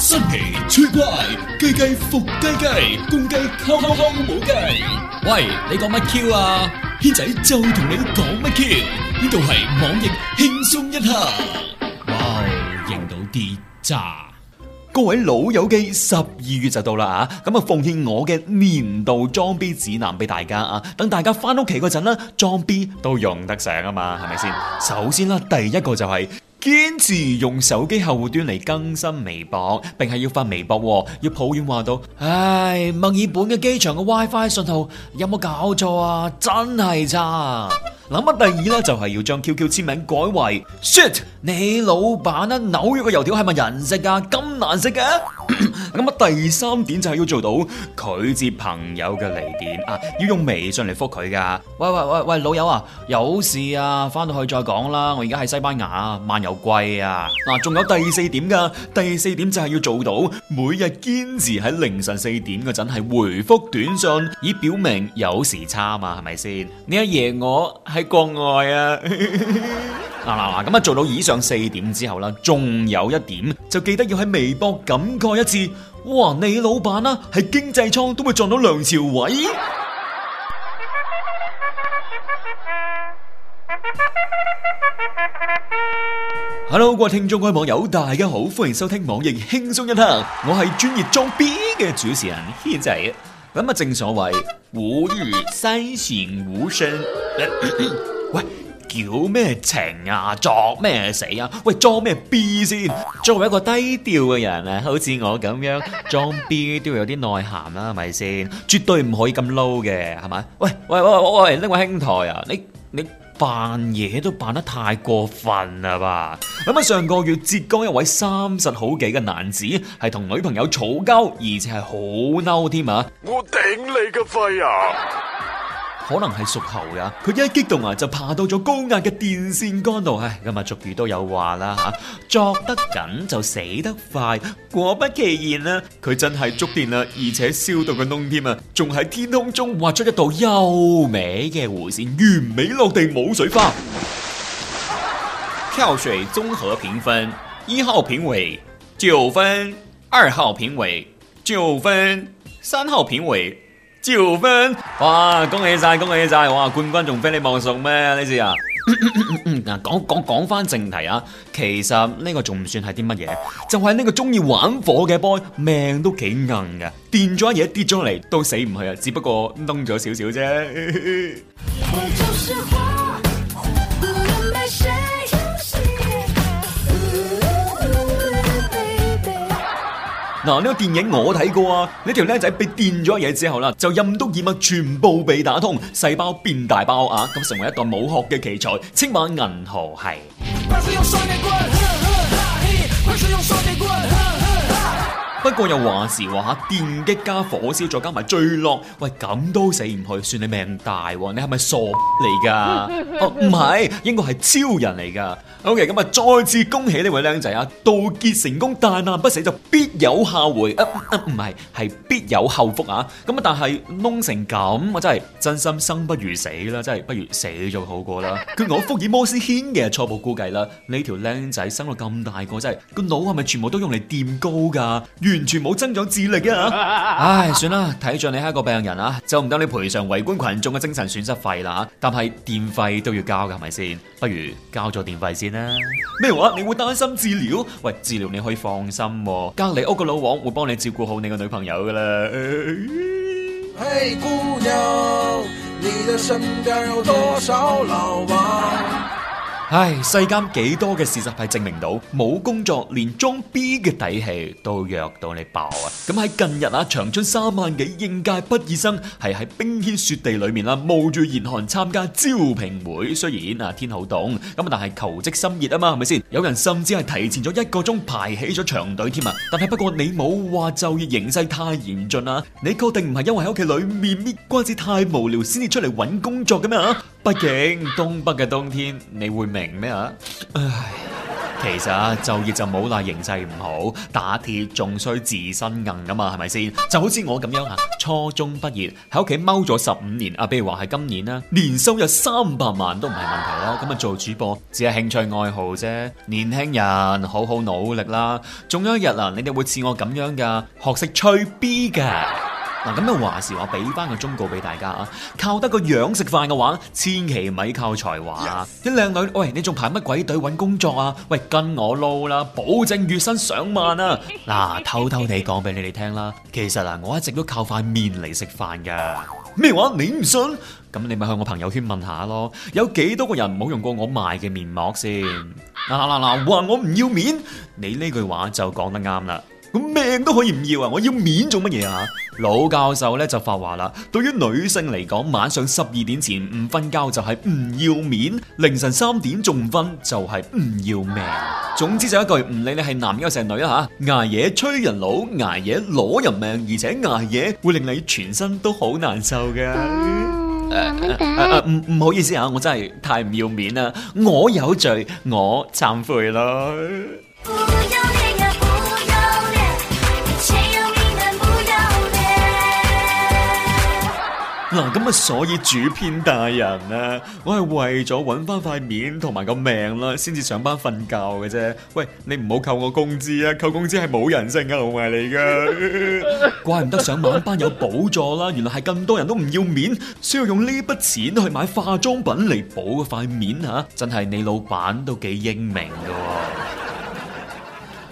新奇出怪，雞雞伏雞雞，公雞敲敲敲冇雞。靠雞靠雞 喂，你講乜 Q 啊？軒仔就同你講乜 Q？呢度係網易輕鬆一刻。哇、wow，認到啲咋？各位老友記，十二月就到啦啊！咁啊，奉獻我嘅年度裝逼指南俾大家啊。等大家翻屋企嗰陣咧，裝逼都用得上啊嘛，係咪先？ 首先啦、啊，第一個就係、是。堅持用手機客戶端嚟更新微博，並係要發微博、哦，要抱怨話到，唉、哎，墨爾本嘅機場嘅 WiFi 信號有冇搞錯啊？真係差！諗乜，第二咧，就係、是、要將 QQ 簽名改為 Shit 你老闆啊，紐約嘅油條係咪人食啊？咁難食嘅。咁啊、 嗯、第三點就係要做到拒接朋友嘅來電啊，要用微信嚟覆佢噶。喂喂喂喂，老友啊，有事啊，翻到去再講啦。我而家喺西班牙，漫遊貴啊。嗱、啊，仲有第四點噶，第四點就係要做到每日堅持喺凌晨四點嗰陣係回覆短信，以表明有時差啊，係咪先？呢一爺我國外啊，嗱嗱嗱！咁 啊做到以上四點之後啦，仲有一點就記得要喺微博感慨一次。哇！你老闆啦係經濟艙都會撞到梁朝偉。 Hello，各位聽眾、各位網友，大家好，歡迎收聽網易輕鬆一刻，我係專業裝逼嘅主持人，現在。咁啊，正所謂古語西前虎生，呃呃，喂，叫咩情啊？作咩死啊？喂，裝咩 B 先？作為一個低調嘅人啊，好似我咁樣裝 B 都會有啲內涵啦，係咪先？絕對唔可以咁 low 嘅，係咪？喂喂喂喂喂，呢位兄台啊，你你。扮嘢都扮得太過分啦吧！咁、嗯、啊，上個月浙江一位三十好幾嘅男子係同女朋友嘈交，而且係好嬲添啊！我頂你個肺啊！可能係屬猴噶，佢一激動啊就爬到咗高壓嘅電線杆度。唉，今日俗語都有話啦吓、啊，作得緊就死得快，果不其然啦、啊，佢真係觸電啦，而且燒到個窿添啊，仲喺天空中畫出一道優美嘅弧線，完美落地冇水花。跳水綜合評分，一號評委九分，二號評委九分，三號評委。招分，哇！恭喜晒，恭喜晒！哇，冠軍仲非你莫屬咩？呢次啊，嗱， 講講講翻正題啊，其實呢個仲唔算係啲乜嘢，就係、是、呢個中意玩火嘅 boy 命都幾硬㗎，掂咗嘢跌咗嚟都死唔去啊，只不過燶咗少少啫。嘿嘿嘿嗱，呢個電影我睇過啊！呢條僆仔被電咗嘢之後啦，就任督二脈全部被打通，細胞變大包啊！咁、呃、成為一個武學嘅奇才，稱霸銀河系。 我又話時話吓電擊加火燒再加埋墜落，喂咁都死唔去，算你命大喎！你係咪傻嚟噶？哦唔係，應該係超人嚟噶。O K，咁啊再次恭喜呢位靚仔啊！渡劫成功，大難不死就必有後回啊啊唔係，係必有後福啊！咁啊但係弄成咁，我真係真心生不如死啦！真係不如死咗好過啦。佢我福爾摩斯先嘅初步估計啦，呢條靚仔生到咁大個，真係個腦係咪全部都用嚟墊高噶？完。全冇增長智力啊！唉，算啦，睇住你係一個病人啊，就唔等你賠償圍觀群眾嘅精神損失費啦。但係電費都要交噶，係咪先？不如交咗電費先啦。咩話？你會擔心治療？喂，治療你可以放心啊，隔籬屋個老王會幫你照顧好你個女朋友噶啦。唉，世間幾多嘅事實係證明到冇工作，連裝 B 嘅底氣都弱到你爆啊！咁喺近日啊，長春三萬幾應屆畢業生係喺冰天雪地裏面啦、啊，冒住嚴寒參加招聘會。雖然啊天好凍，咁但係求職心熱啊嘛，係咪先？有人甚至係提前咗一個鐘排起咗長隊添啊！但係不過你冇話就業形勢太嚴峻啊？你確定唔係因為喺屋企裏面搣關子太無聊先至出嚟搵工作嘅咩啊？畢竟東北嘅冬天你會明咩啊？唉，其實就業就冇賴形勢唔好，打鐵仲需自身硬㗎嘛，係咪先？就好似我咁樣啊，初中畢業喺屋企踎咗十五年啊，比如話係今年啦，年收入三百萬都唔係問題啦。咁啊做主播只係興趣愛好啫，年輕人好好努力啦，總有一日嗱，你哋會似我咁樣噶，學識吹 B 嘅。嗱，咁樣話時話，俾翻個忠告俾大家啊！靠得個樣食飯嘅話，千祈咪靠才華。啲靚 Yes. 女，喂，你仲排乜鬼隊揾工作啊？喂，跟我撈啦，保證月薪上萬啊！嗱、 啊，偷偷地講俾你哋聽啦，其實啊，我一直都靠塊面嚟食飯噶。咩話？你唔信？咁你咪向我朋友圈問下咯，有幾多個人冇用過我賣嘅面膜先？嗱嗱嗱，話、啊啊、我唔要面，你呢句話就講得啱啦。我命都可以唔要啊！我要面做乜嘢啊？老教授咧就發話啦，對於女性嚟講，晚上十二點前唔瞓覺就係唔要面，凌晨三點仲唔瞓就係唔要命。總之就一句，唔理你係男嘅定女啊吓，捱夜催人老，捱夜攞人命，而且捱夜會令你全身都好難受噶。唔唔好意思啊，我真係太唔要面啦，我有罪，我懺悔啦。嗱，咁啊，所以主編大人啊，我係為咗搵翻塊面同埋個命啦，啊，先至上班瞓覺嘅啫。喂，你唔好扣我工資啊！扣工資係冇人性嘅行為嚟噶。 怪唔得上晚班有補助啦，原來係咁多人都唔要面，需要用呢一筆錢去買化妝品嚟補嗰塊面吓，啊。真係你老闆都幾英明噶。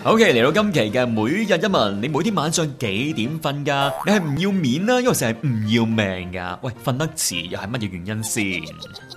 Ok，嚟到今期嘅每日一問，你每天晚上幾點瞓㗎？你係唔要面啦、啊，因為成日唔要命㗎、啊。喂，瞓得遲又係乜嘢原因先？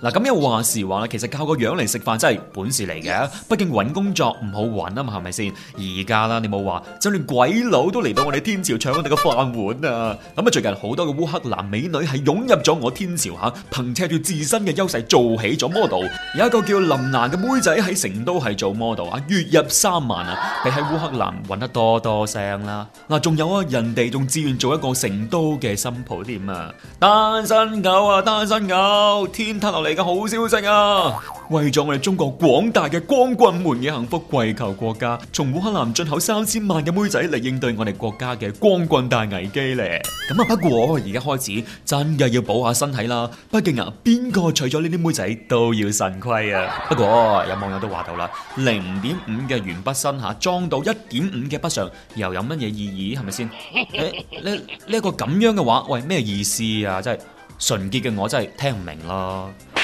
嗱咁又話時話啦，其實靠個樣嚟食飯真係本事嚟嘅，畢竟揾工作唔好揾啊嘛，係咪先？而家啦，你冇話，就連鬼佬都嚟到我哋天朝搶我哋個飯碗啊！咁啊，最近好多嘅烏克蘭美女係湧入咗我天朝嚇、啊，憑藉住自身嘅優勢做起咗 model。有一個叫林蘭嘅妹仔喺成都係做 model 啊，月入三萬啊，比喺烏克蘭揾得多多聲啦、啊！嗱，仲有啊，人哋仲志願做一個成都嘅新抱添啊，單身狗啊，單身狗，天塌落嚟！嘅好消息啊！為咗我哋中國廣大嘅光棍們嘅幸福，跪求國家從烏克蘭進口三千萬嘅妹仔嚟應對我哋國家嘅光棍大危機咧！咁 啊，不過而家開始真嘅要補下身體啦。畢竟啊，邊個娶咗呢啲妹仔都要腎虧啊！不過有網友都話到啦，零點五嘅鉛筆身下裝、啊、到一點五嘅筆上，又有乜嘢意義？係咪先？呢呢、呢個咁樣嘅話，喂，咩意思啊？真係純潔嘅我真係聽唔明咯～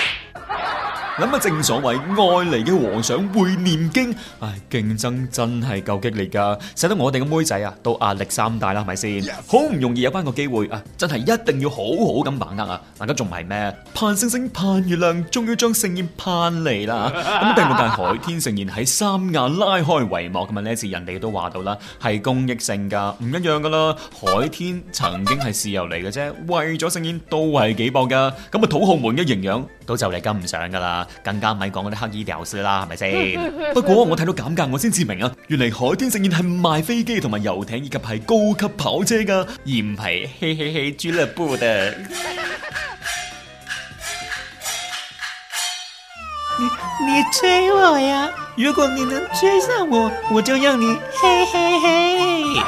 諗啊，正所謂愛嚟嘅和尚會念經，唉，競爭真係夠激烈噶，使得我哋嘅妹仔啊都壓力三大啦，係咪先？好唔容易有翻個機會啊，真係一定要好好咁把握啊！大家仲係咩？盼星星盼月亮，終於將盛宴盼嚟啦！咁啊，第六屆海天盛宴喺三亞拉開帷幕，咁啊，呢一次人哋都話到啦，係公益性噶，唔一樣噶啦。海天曾經係豉油嚟嘅啫，為咗盛宴都係幾搏噶，咁啊，土豪們嘅營養都就嚟跟唔上噶啦。更加唔係講嗰啲黑衣屌絲啦，係咪先？ 不過我睇到減價，我先至明啊！原嚟海天盛宴係賣飛機同埋遊艇，以及係高級跑車嘅，而唔係嘿嘿嘿嘿俱樂部的。 你你追我呀？如果你能追上我，我就讓你嘿嘿嘿。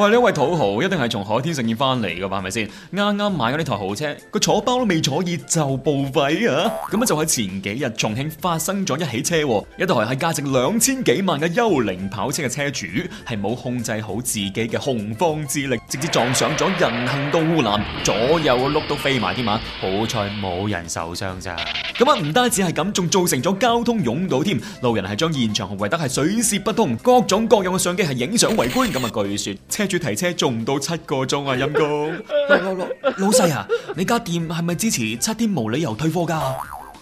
喂，呢位土豪一定係從海天盛宴翻嚟噶吧？係咪先？啱啱買嘅呢台豪車，個坐包都未坐熱就報廢啊！咁啊，就喺前幾日，重慶發生咗一起車禍，一台係價值兩千幾萬嘅幽靈跑車嘅車主係冇控制好自己嘅洪荒之力。直接撞上咗人行道護欄，左右個碌都飛埋添嘛，好彩冇人受傷咋？咁啊，唔單止係咁，仲造成咗交通擁堵添，路人係將現場圍得係水泄不通，各種各樣嘅相機係影相圍觀。咁啊，據說車主提車仲唔到七個鐘啊，陰公。 老老老細啊，你家店係咪支持七天無理由退貨噶？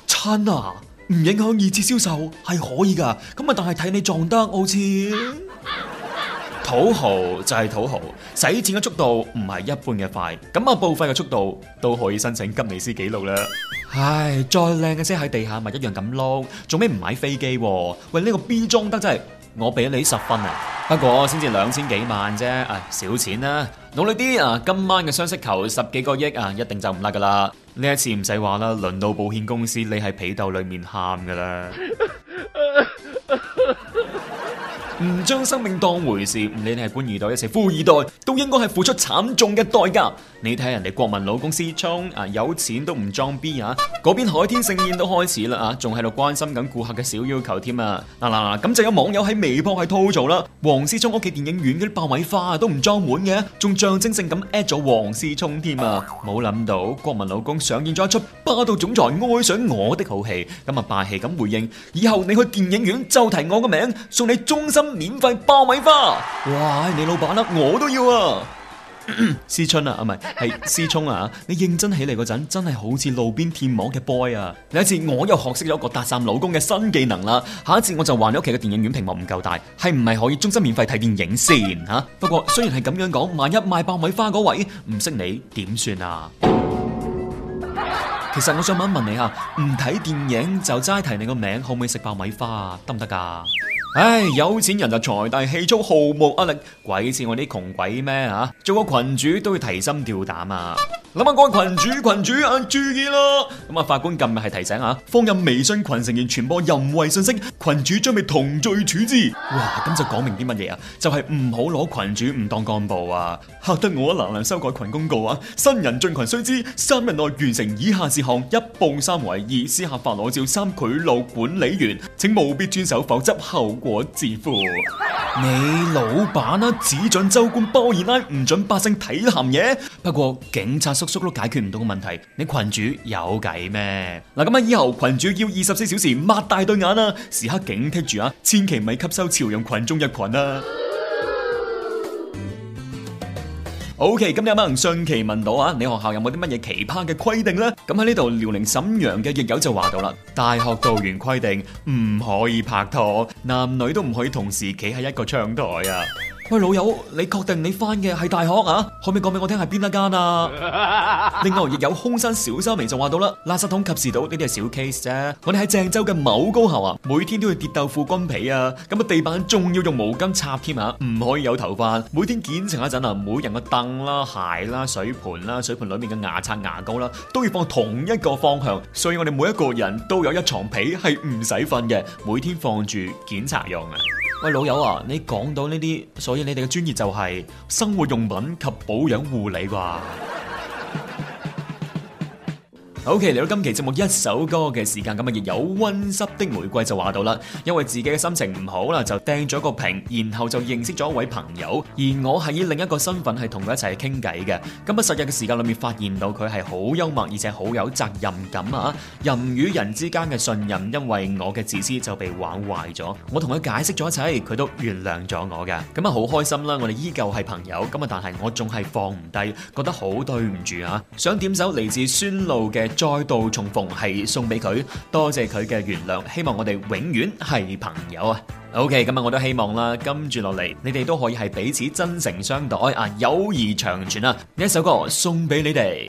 親啊，唔影響二次銷售係可以噶，咁啊，但係睇你撞得好似。土豪就係土豪，使錢嘅速度唔係一般嘅快，咁啊報廢嘅速度都可以申請吉尼斯紀錄啦。唉，再靚嘅車喺地下咪一樣咁撈，做咩唔買飛機喎？喂，呢個 B 裝得真係，我俾你十分啊，不過先至兩千幾萬啫，唉，少錢啊，努力啲啊！今晚嘅雙色球十幾個億啊，一定就唔甩噶啦。呢一次唔使話啦，輪到保險公司你喺被竇裏面喊噶啦。唔將生命當回事，唔理你係官二代、一齊富二代，都應該係付出慘重嘅代價。你睇人哋國民老公思聰啊，有錢都唔裝逼啊！嗰邊海天盛宴都開始啦啊，仲喺度關心緊顧客嘅小要求添啊！嗱嗱嗱，咁、啊啊、就有網友喺微博係吐槽啦，王思聰屋企電影院啲爆米花、啊、都唔裝滿嘅，仲象徵性咁 at 咗王思聰添啊！冇諗到國民老公上演咗一出霸道總裁愛上我的好戲，咁啊霸氣咁回應：以後你去電影院就提我個名，送你忠心。免費爆米花！哇，你老闆啦、啊，我都要啊！思春啊，啊唔係係思聰啊，你認真起嚟嗰陣，真係好似路邊貼膜嘅 boy 啊！有一次我又學識咗一個搭訕老公嘅新技能啦，下一次我就話你屋企嘅電影院屏幕唔夠大，係唔係可以終身免費睇電影先吓、啊？不過雖然係咁樣講，萬一賣爆米花嗰位唔識你，點算啊？其實我想問問你吓，唔睇電影就齋提你個名，可唔可以食爆米花啊？得唔得噶？唉，有錢人就財大氣粗，氣毫冇壓力，鬼似我啲窮鬼咩吓？做個群主都要提心吊膽啊！諗下我群主，群主啊，注意咯！咁啊，法官今日係提醒啊，放任微信群成員傳播淫穢信息，群主將被同罪處置。哇，咁就講明啲乜嘢啊？就係唔好攞群主唔當幹部啊！吓、啊、得我嗱嗱臨修改群公告啊！新人進群須知：三日內完成以下事項，一報三圍，二私下發裸照，三賄賂管理員，請務必遵守，否則後。我自負，你老闆啦、啊，只准州官包二奶，唔准百姓睇鹹嘢。不過警察叔叔都解決唔到問題，你群主有計咩？嗱，咁啊以後群主要二十四小時擘大對眼啦，時刻警惕住啊，千祈咪吸收朝陽群眾入群啊！O.K.，咁有冇人？上期問到啊，你學校有冇啲乜嘢奇葩嘅規定呢？咁喺呢度，遼寧沈陽嘅亦友就話到啦，大學導員規定唔可以拍拖，男女都唔可以同時企喺一個窗台啊。喂，老友，你確定你翻嘅係大學啊？可唔可以講俾我聽係邊一間啊？ 另外亦有空山小修眉就話到啦，垃圾桶及時到，呢啲係小 case 啫。我哋喺鄭州嘅某高校啊，每天都要疊豆腐軍被啊，咁嘅地板仲要用毛巾擦添啊，唔可以有頭髮。每天檢查一陣啊，每人嘅凳啦、鞋啦、水盆啦、水盆裏面嘅牙刷、牙膏啦，都要放同一個方向。所以我哋每一個人都有一床被，係唔使瞓嘅，每天放住檢查用啊。喂，老友啊，你講到呢啲，所以你哋嘅專業就係生活用品及保養護理啩？Ok，嚟到今期節目一首歌嘅時間咁啊，亦有《温室的玫瑰》就話到啦，因為自己嘅心情唔好啦，就掟咗個瓶，然後就認識咗一位朋友，而我係以另一個身份係同佢一齊傾偈嘅。咁啊，十日嘅時間裏面發現到佢係好幽默，而且好有責任感啊！人與人之間嘅信任，因為我嘅自私就被玩壞咗。我同佢解釋咗一切，佢都原諒咗我㗎，咁啊好開心啦！我哋依舊係朋友咁啊，但係我仲係放唔低，覺得好對唔住啊！想點首嚟自孫露嘅？再度重逢，係送俾佢，多謝佢嘅原諒，希望我哋永遠係朋友啊！OK，噉我都希望啦，跟住落嚟你哋都可以係彼此真誠相待啊，友誼長存啊！呢一首歌送俾你哋。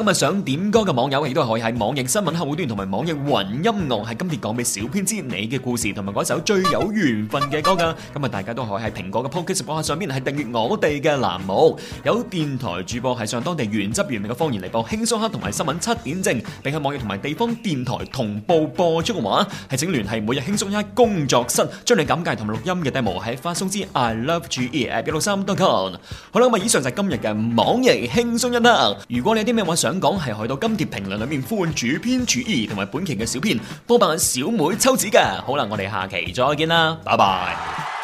今日想點歌嘅網友，亦都係可以喺網易新聞客戶端同埋網易雲音樂，係今次講俾小編知你嘅故事，同埋嗰一首最有緣分嘅歌噶。咁啊，大家都可以喺蘋果嘅 Podcast 播客上邊係訂閱我哋嘅欄目。有電台主播係上當地原汁原味嘅方言嚟播輕鬆一刻同埋新聞七點正，並喺網易同埋地方電台同步播出嘅話，係請聯繫每日輕鬆一刻工作室，將你簡介同埋錄音嘅 demo 係發送至 I Love G App.163.com。好啦，咁啊，以上就係今日嘅網易輕鬆一刻。如果你有啲咩想，想講係去到今帖評論裏面，呼喚主編、主義同埋本期嘅小編，幫幫小妹抽紙㗎。好啦，我哋下期再見啦，拜拜。